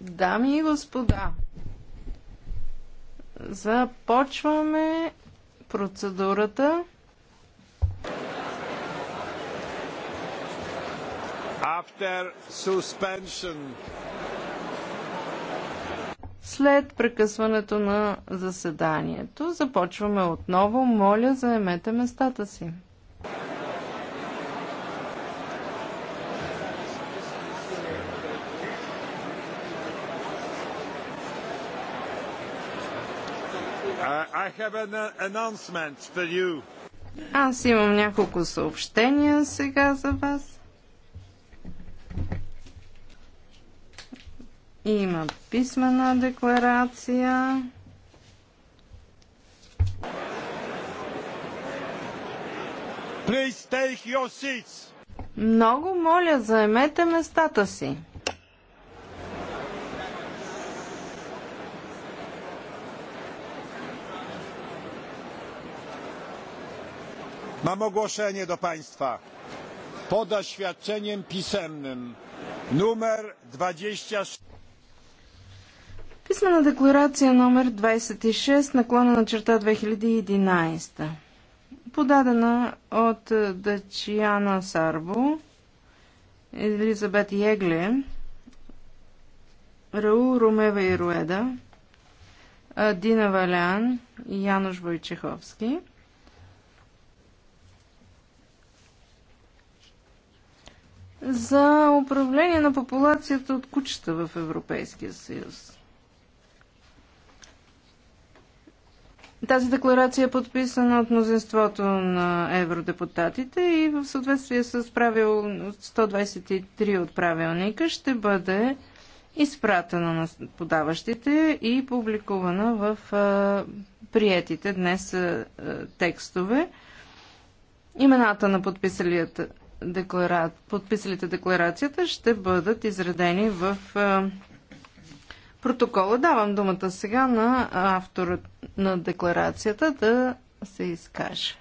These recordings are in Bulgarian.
Дами и господа, започваме процедурата. After suspension. След прекъсването на заседанието започваме отново. Моля, заемете местата си. An uh, Аз имам няколко съобщения сега за вас. Има писмена декларация. Много моля, заемете местата си. Mam ogłoszenie do Państwa. Pod oświadczeniem pisemnym numer 26. Писмена декларация номер 26 наклона на черта 2011. Подадена от Дачиана Сарбо, Елизабет Егле, Рау Ромева и Руеда, Дина Валян и Януш Войчеховски. за управление на популацията от кучета в Европейския съюз. Тази декларация е подписана от мнозинството на евродепутатите и в съответствие с правил 123 от правилника ще бъде изпратена на подаващите и публикувана в приетите днес текстове. Имената на подписалията деклара... подписалите декларацията ще бъдат изредени в протокола. Давам думата сега на автора на декларацията да се изкаже.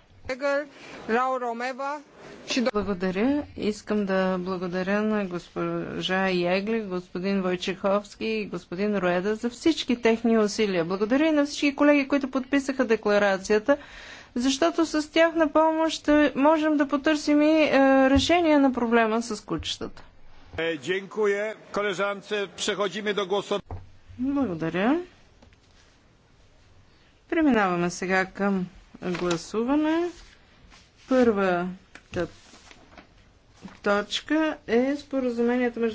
Благодаря. Искам да благодаря на госпожа Егли, господин Войчеховски и господин Роеда за всички техни усилия. Благодаря и на всички колеги, които подписаха декларацията защото с тях на помощ ще можем да потърсим и е, решение на проблема с кучетата. Е, Благодаря. Преминаваме сега към гласуване. Първата точка е споразумението между